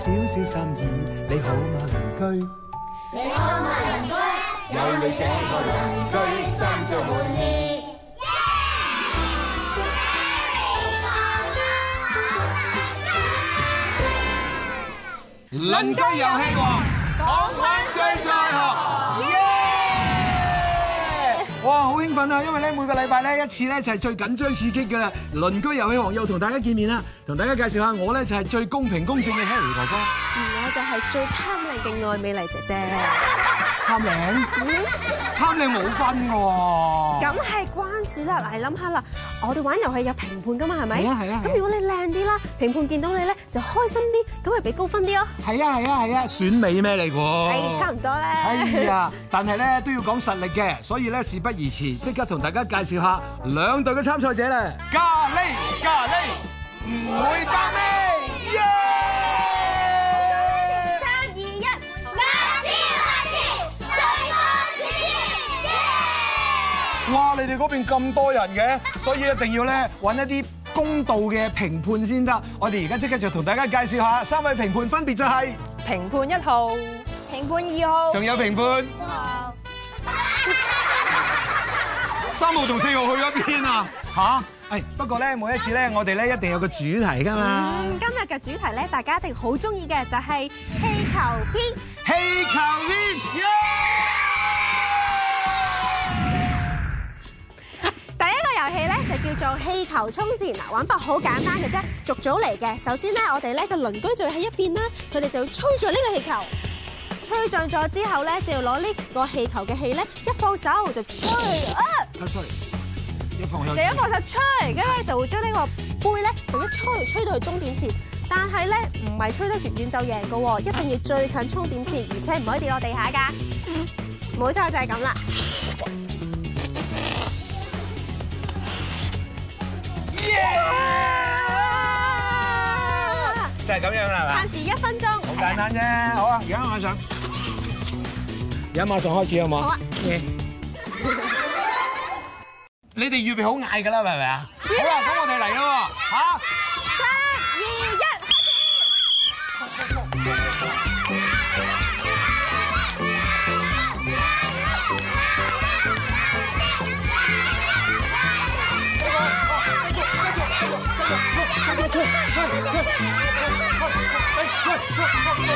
小小心意你好嗎？鄰居，居，居、yeah! yeah! 鄰居遊戲王，講嘢最在行。耶！Yeah! Yeah! 哇，好興奮啊！因為咧，每個禮拜咧一次咧，就係最緊張刺激嘅鄰居遊戲王，又同大家見面啦。同大家介紹下，我咧就係最公平公正嘅 Harry 哥哥，而我就係最貪靚嘅愛美麗姐姐。貪靚？貪靚冇分嘅喎。咁係關事啦！嗱，你諗下啦，我哋玩遊戲有評判㗎嘛，係咪？係啊，係啊。咁如果你靚啲啦，評判見到你咧就開心啲，咁咪俾高分啲咯。係啊係啊係啊，選美咩嚟㗎？係差唔多咧。係啊，但係咧都要講實力嘅，所以咧事不宜遲，即刻同大家介紹下兩隊嘅參賽者啦。咖喱，咖喱。唔會白咩？耶！三二一，立正立正，最高最尖！哇！你哋嗰邊咁多人嘅，所以一定要咧揾一啲公道嘅評判先得。我哋而家即刻就同大家介紹下，三位評判分別就係評判一號、評判二號，仲有評判三號。三號同四號去咗邊啊？嚇！誒，不過咧，每一次咧，我哋咧一定有個主題噶嘛，嗯。今日嘅主題咧，大家一定好中意嘅就係氣球篇。氣球篇，第一個遊戲咧就叫做氣球衝線嗱。玩法好簡單嘅啫，逐組嚟嘅。首先咧，我哋咧個鄰居就喺一邊啦，佢哋就要吹咗呢個氣球。吹脹咗之後咧，就要攞呢個氣球嘅氣咧，一放手就吹啊！就一放就吹，跟咧就會將呢個杯咧，就一吹，吹到去終點線。但係咧，唔係吹得越遠就贏噶，一定要最近終點線，而且唔可以跌落地下噶。冇錯，就係咁啦。好啦。就係咁樣啦，係嘛？限時一分鐘。好簡單啫。好啊，而家馬上，而家馬上開始好嘛？好啊。你哋預備好嗌㗎啦，係咪啊？好啦，咁我哋嚟咯喎，嚇！三二一，開始！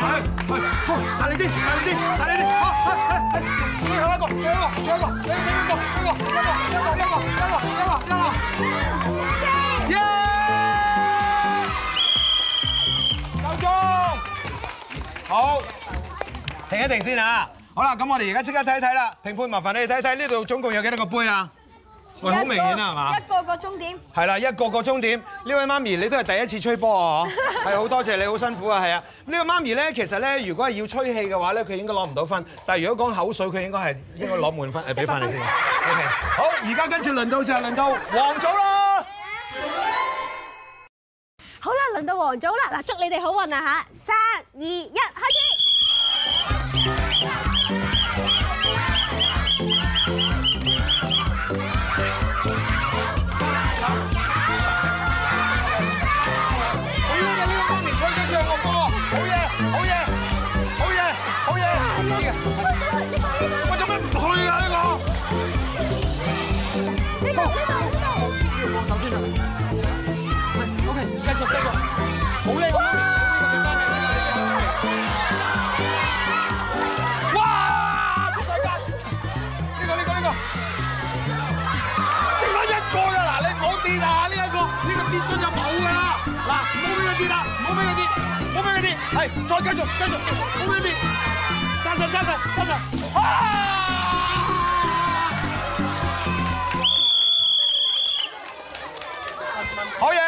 係，係，大力啲，大力啲，大力啲，哈，係，係，係，最後一個，最後一個，最後一個，最後一個，最後一個，最後一個，最後一個，最後一個，最後一個，一，夠鐘，好，停一停先啊，好啦，咁我哋而家即刻睇一睇啦，評判，麻煩你哋睇睇呢度總共有幾多個杯啊？喂，好明顯啊，係嘛？一個個終點係啦，一個個終點。呢位媽咪，你都係第一次吹波啊，嗬？ 係好多謝你，好辛苦啊，係啊。呢、這個媽咪咧，其實咧，如果係要吹氣嘅話咧，佢應該攞唔到分。但係如果講口水，佢應該係應該攞滿分，係俾翻你先。 o、okay、K。好，而家跟住輪到就係、是、輪到王祖啦。 好啦，輪到王祖啦。嗱，祝你哋好運啊嚇！三二一，3, 2, 1, 開始。係，再繼續，繼續，冇呢邊，揸實，揸實，揸實，啊， 好嘢！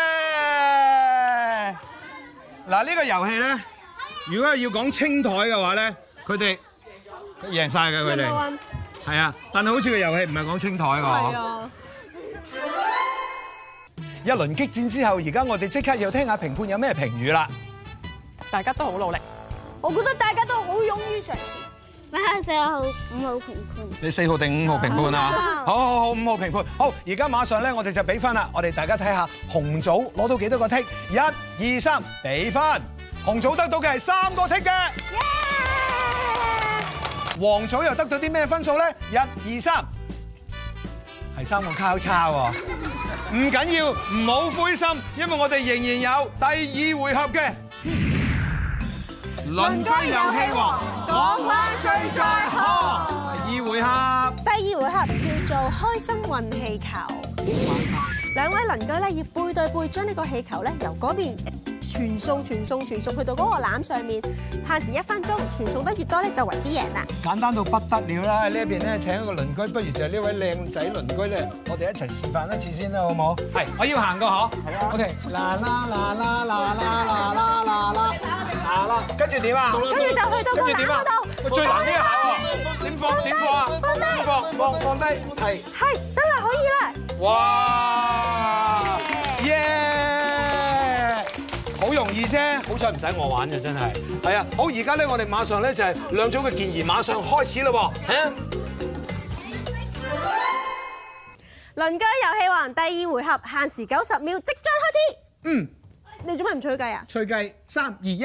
嗱，呢、這個遊戲咧，如果要講清台嘅話咧，佢哋贏晒嘅佢哋，係啊，但係好似個遊戲唔係講清台嘅嗬。 一輪激戰之後，而家我哋即刻又聽下評判有咩評語啦。大家都好努力，我覺得大家都好勇於嘗試。你四號五號評判，你四號定五號評判啊？好好好，五號評判。好，而家馬上咧，我哋就畀分啦。我哋大家睇下，紅組攞到幾多個剔？一、二、三，畀分。紅組得到嘅係三個剔嘅。黃組又得到啲咩分數咧？一、二、三，係三個交叉喎。唔緊要，唔好灰心，因為我哋仍然有第二回合嘅。鄰居遊戲王講灣最在行，第二回合，第二回合叫做開心運氣球。兩位鄰居咧要背對背，將呢個氣球咧由嗰邊。傳送傳送傳送去到嗰個籃上面，限時一分鐘，傳送得越多咧就為之贏啦。簡單到不得了啦！呢一邊咧請一個鄰居，不如就呢位靚仔鄰居咧，我哋一齊示範一次先啦，好冇好？我要行個河，係啊。O K 啦啦啦啦啦啦啦啦啦啦，好啦，跟住點啊？跟住就去到嗰個籃度。最難呢下喎，點放點放啊？放低，放低，放低放低，係。係，得啦，可以啦。哇！好容易啫，好彩唔使我玩嘅，真係。係啊，好而家咧，我哋馬上咧就係兩組嘅建議，馬上開始咯噃，吓，鄰居遊戲王第二回合，限時九十秒，即將開始。嗯。你做咩唔取計啊？隨計，三二一。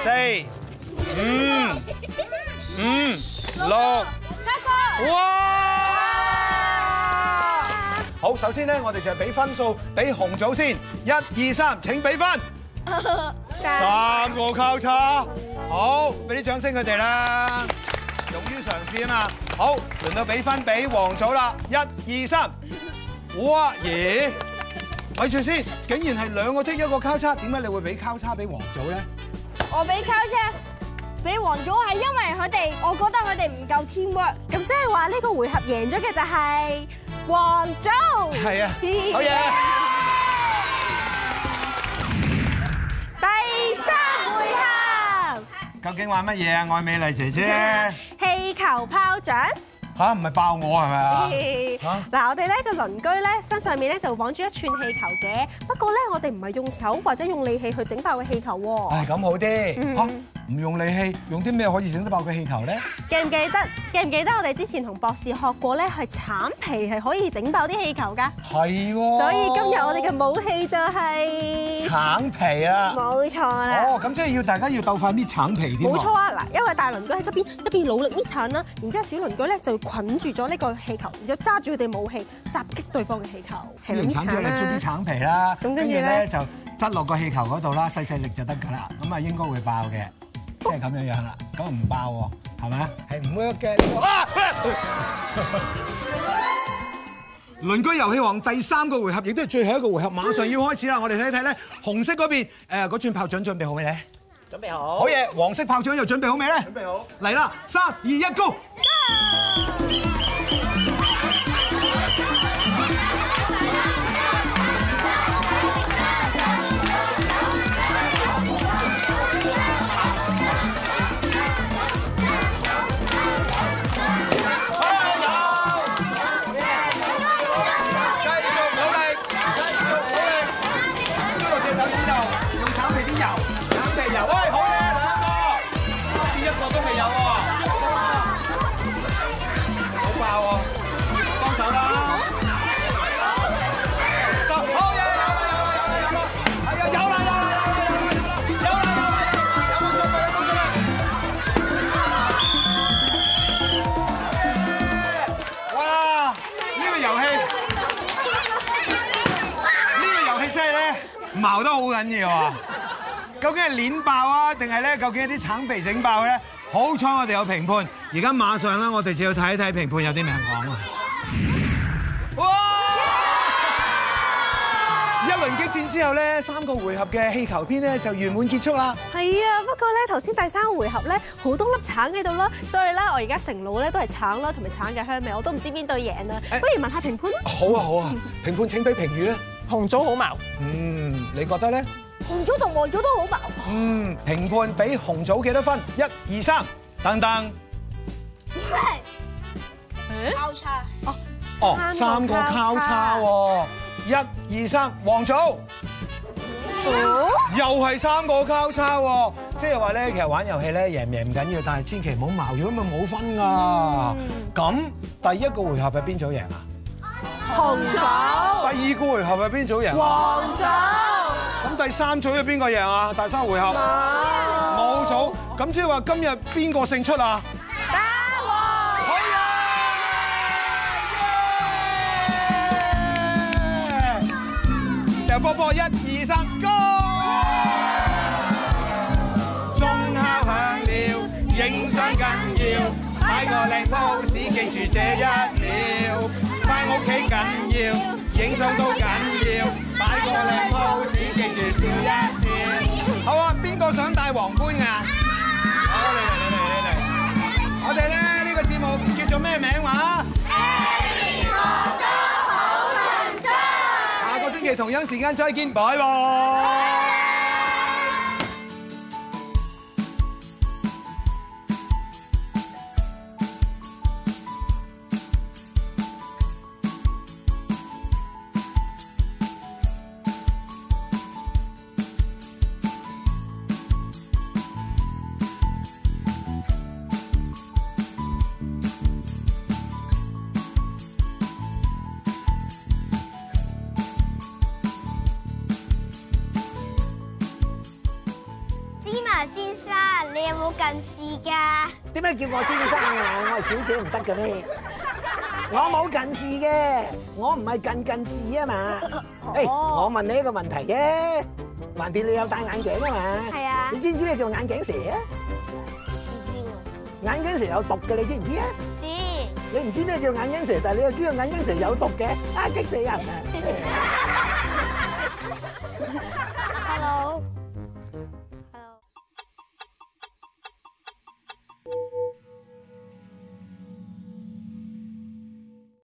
四、五、五、六、哇！好，首先咧，我哋就俾分數俾紅組先，一、二、三，請俾分。三個交叉，好，俾啲掌聲佢哋啦。勇於嘗試啊嘛，好，輪到俾分俾黃組啦，一、二、三，哇耶！咪住先，竟然係兩個剔一個交叉，點解你會俾交叉俾黃組咧？我俾拋車，俾黃組係因為佢哋，我覺得佢哋唔夠 teamwork。咁即係話呢個回合贏咗嘅就係黃組。係啊，好嘢！第三回合，究竟玩乜嘢啊？愛美麗姐姐，氣球拋準。嚇唔係爆我係咪啊？嚇嗱， 我哋咧個鄰居咧身上面咧就綁住一串氣球嘅，不過咧我哋唔係用手或者用利器去整爆個氣球喎。係咁好啲唔 用利器，用啲咩可以整得爆個氣球咧？記唔記得？記唔記得我哋之前同博士學過咧？係橙皮係可以整爆啲氣球㗎。係喎。所以今日我哋嘅武器就係、是、橙皮啊！冇錯啦。哦，咁即係要大家要鬥快搣橙皮添。冇錯啊！嗱，因為大鄰居喺側邊一邊努力搣橙啦，然之後小鄰居咧就，捆住咗呢個氣球，然後揸住佢哋武器襲擊對方嘅氣球，啲橙，橙皮啦！咁跟住咧就擠落個氣球嗰度啦，細細力就得㗎啦。咁啊應該會爆嘅，即係咁樣樣啦。咁唔爆喎，係咪、這個、啊？係唔會嘅。鄰居遊戲王第三個回合，亦都係最後一個回合，馬上要開始啦、嗯。我哋睇睇咧，紅色嗰邊誒嗰串炮仗準備好未咧？準備好。好嘢！黃色炮仗又準備好未咧？準備好。嚟啦！三二一，Go！、啊鏈爆啊？定係咧？究竟有啲橙皮整爆咧？好彩我哋有評判，而家馬上啦，我哋就要睇一睇評判有啲咩講啊！哇！一輪激戰之後咧，三個回合嘅氣球篇咧就圓滿結束啦。係啊，不過咧頭先第三個回合咧好多粒橙喺度啦，所以咧我而家成腦咧都係橙啦，同埋橙嘅香味，我都唔知邊隊贏啊！不如問下評判、欸。好啊，好啊，評 判請俾評語啊。紅組好矛，嗯，你覺得咧？紅組同黃組都好矛。嗯，評判俾紅組幾多分？一、二、三，等等。欸哦、交叉。哦，三個交叉喎、啊。一、二、三，黃組、哦。又係三個交叉喎。即係話咧，其實玩遊戲咧，贏唔贏唔緊要，但係千祈唔好矛，如果咪冇分㗎、啊。咁、嗯、第一個回合係邊組贏啊？紅組。第二個回合係邊組贏啊？黃組。黃第三組嘅邊個贏啊？第三回合冇組，咁即係話今日邊個勝出啊？打王，好嘢！又波波，一、二、三，Go！鐘敲響了，影相緊要，擺個靚 pose，記住這一秒，返屋企緊要，影相都緊要，擺個靚 pose。同樣時間再見，拜拜。咩叫我先生啊？我係小姐唔得嘅咩？我冇近視嘅，我唔係近近視啊嘛。Hey, 我問你一個問題嘅：橫掂你有戴眼鏡啊嘛？係啊你不。你知唔知咩叫眼鏡蛇啊？唔知喎。眼鏡蛇有毒嘅，你知唔知啊？知。你唔知咩叫眼鏡蛇，但係你又知道眼鏡蛇有毒嘅，啊，激死人啊！Hello